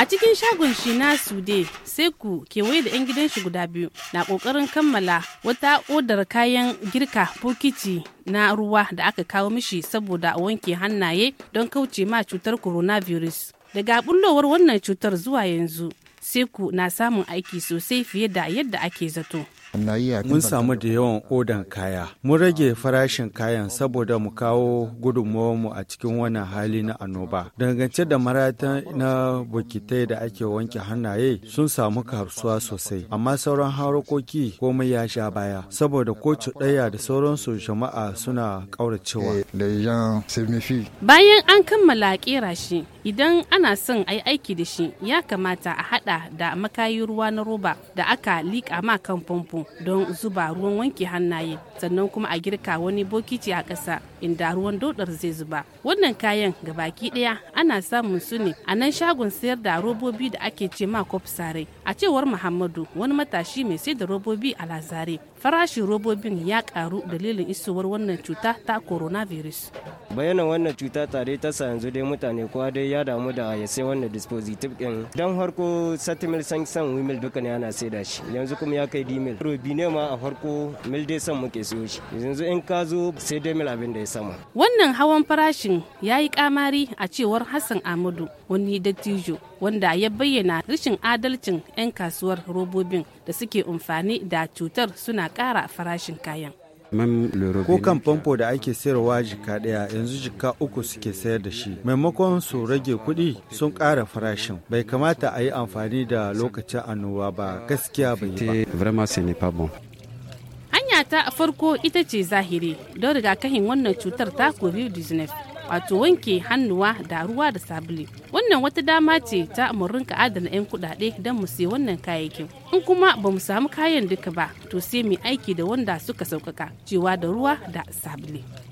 a cikin shagon shi na sude sai ku kewaye da 'yan gidan shi guda biyu na kokarin kammala wata odar kayan girka bokiti na ruwa da aka kawo mishi saboda wanke hannaye don kauce ma cutar coronavirus daga bullowar wannan cutar zuwa yanzu sai ku na samun aiki sosai fiye da yadda ake zato Mun samu da yawan odan kaya. Mun rage farashin kayan saboda mu kawo mu a cikin wannan hali na annoba. Dangance da marata na bukitai da ake wanke hannaye sun samu kasuwa sosai. Amma sauran harkoki komai ya sha baya. Saboda ko ɗaya da sauransu jama'a suna ƙauracewa. Eh, Bayan an kammala ƙera shi, idan ana son ayi aiki da shi, ya kamata a haɗa da makayi ruwa na roba da aka liƙa ma kan famfo. don zuba ruwan wanke hannaye sannan kuma a girka wani bokiti a ƙasa inda ruwan dodar zai zuba wannan kayan ga baki ɗaya ana samun su ne a nan shagon sayar da robobi da ake ce ma kofsarai a cewar muhammadu wani matashi mai sai da robobi a lazare farashin robobin ya karu dalilin isowar wannan cuta ta coronavirus bayanan wannan cuta tare ta sa yanzu dai mutane kowa dai ya damu da ya sai wannan dispositif din don harko satimil san san wimil duka ne ana sai da shi yanzu kuma ya kai dimil robi ne ma a harko mil dai san muke siyo shi yanzu in ka zo sai dai mil abin da ya sama wannan hawan farashin ya yi kamari a cewar hassan amadu wani dattijo wanda ya bayyana rashin adalcin 'yan kasuwar robobin da suke amfani da cutar suna kara farashin kayan. ko kan famfo da ake sayarwa jika ɗaya yanzu jika uku suke sayar da shi maimakon su rage kuɗi sun ƙara farashin bai kamata a yi amfani da lokacin annoba ba gaskiya bai yi ba hanya ta farko ita ce zahiri don rigakafin wannan cutar ta covid-19 wato wanke hannuwa da ruwa da sabulu wannan wata dama ce ta ka adana 'yan kudade don mu sai wannan kayayyakin in kuma ba mu samu kayan duka ba to sai mai aiki da wanda suka sauƙaƙa cewa da ruwa da sabulu